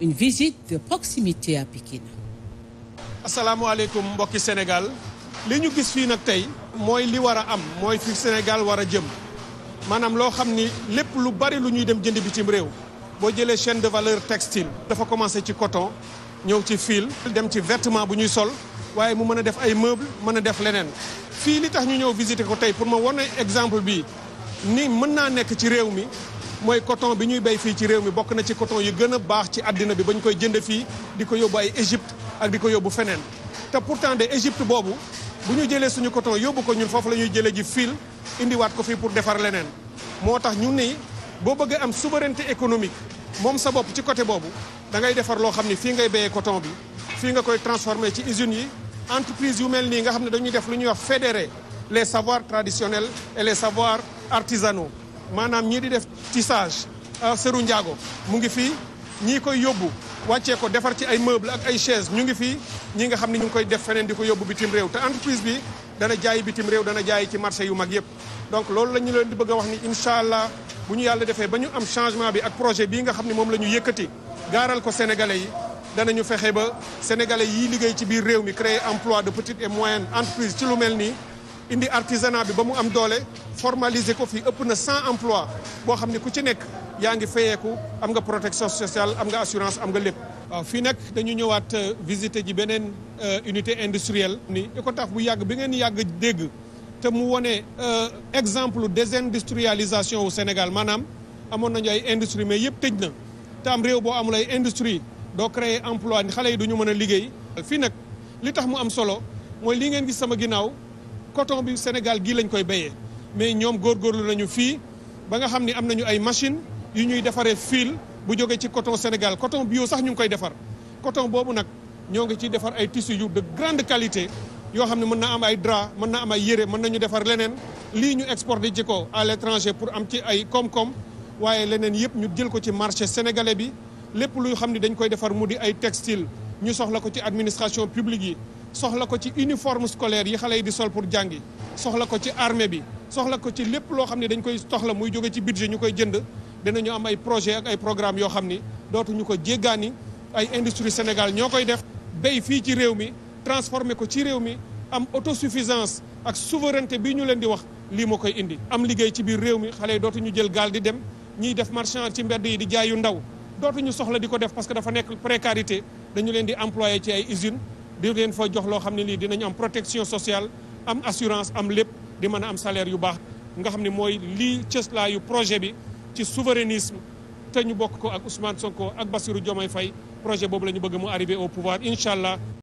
une visite de proximité à Pikine. asalaamaaleykum mbokki Sénégal li ñu gis fii nag tey mooy li war a am mooy fi Sénégal war a jëm maanaam loo xam ni lépp lu bari lu ñuy dem jënd bitim réew boo jëlee chaîne de valeur textile. dafa commencé ci coton ñëw ci fil dem ci vêtement bu ñuy sol waaye mu mën a def ay meubles mën a def leneen fii li tax ñu ñëw visiter ko tey pour ma wane exemple bi ni mën naa nekk ci réew mi. mooy coton bi ñuy béy fii ci réew mi bokk na ci coton yi gën a baax ci àddina bi bañ koy jënd fii di ko yóbbu ay Égypte ak di ko yóbbu feneen te pourtant de Égypte boobu bu ñu jëlee suñu coton yóbbu ko ñun foofu la ñuy jëlee ji fil indiwaat ko fii pour defar leneen moo tax ñu nii boo bëggee am souveraineté économique moom sa bopp ci côté boobu da ngay defar loo xam ni fii ngay béyee coton bi fii nga koy transformé ci usines yi entreprise yu mel nii nga xam ne dañuy def lu ñuy wax fédérer les savoirs traditionnels et les savoirs artisanaux maanaam ñii di def tissage ah, seru njaago mu ngi fii ñii koy yóbbu wàccee ko defar ci ay meuble ak ay chaise ñu ngi fii ñi nga xam ni ñu ngi koy def feneen di ko yóbbu bitim réew te entreprise bi dana jaayi bitim réew dana jaayi ci marché yu mag yëpp donc loolu la ñu leen di bëgg wax ni incha allah bu ñu yàlla defee ba ñu am changement bi ak projet bii nga xam ne moom la ñu yëkkati gaaral ko sénégalais yi danañu fexe ba sénégalais yi liggéey ci biir réew mi créer emploi de petite et moyenne entreprise ci lu indi artisanat bi ba mu am doole formaliser ko fii ëpp na 100 emplois boo xam ne ku ci nekk yaa ngi fayeeku am nga protection sociale am nga assurance am nga lépp. waaw fii nag dañu ñëwaat euh, visiter ji beneen euh, unité industrielle. ni ECOTAF bu yàgg bi ngeen yàgg dégg te mu wone euh, exemple désindustrialisation wu Sénégal maanaam amoon nañu ay industrie mais yëpp tëj na te am réew boo amul ay industrie doo créer emploi xale yi du mën a liggéey. fii nag li tax mu am solo mooy li ngeen gis sama ginnaaw. coton bi Sénégal gii lañ koy bayee mais ñoom góor góorgóorlu nañu fii ba nga xam ni am nañu ay machine yu ñuy defaree fil bu jógee ci coton Sénégal coton bio sax ñu ngi koy defar coton boobu nag ñoo ngi ciy defar ay tissus yu de grande qualité yoo xam ne mën na am ay drap mën na am ay yére mën nañu defar leneen lii ñu exporté ci ko à l'étranger pour am ci ay koom-koom waaye leneen yëpp ñu jël ko ci marché sénégalais bi lépp luy xam ne dañ koy defar mu di ay textile ñu soxla ko ci administration publique yi soxla ko ci uniforme scolaire yi xale yi di sol pour jàngi soxla ko ci armée bi soxla ko ci lépp loo xam ne dañ koy soxla muy jóge ci budget ñu koy jënd dinañu am ay projet ak ay programme yoo xam ni dootuñu ko jéggaani ay industrie Sénégal ñoo koy def béy fii ci réew mi transformer ko ci réew mi am autosuffisance ak souveraineté bi ñu leen di wax lii moo koy indi am liggéey ci biir réew mi xale yi dootuñu jël gaal di dem ñiy def marchand ci mbedd yi di jaay yu ndaw dootuñu soxla di ko def parce que dafa nekk précarité dañu leen di employé ci ay usines di leen foo jox loo xam ne lii dinañ am protection sociale am assurance am lépp di mën a am salaire yu baax nga xam ne mooy lii cëslaayu projet bi ci souverainisme te ñu bokk ko ak Ousmane Sonko ak Bassirou Diomaye fay projet boobu la ñu bëgg mu arrivé au pouvoir incha allah.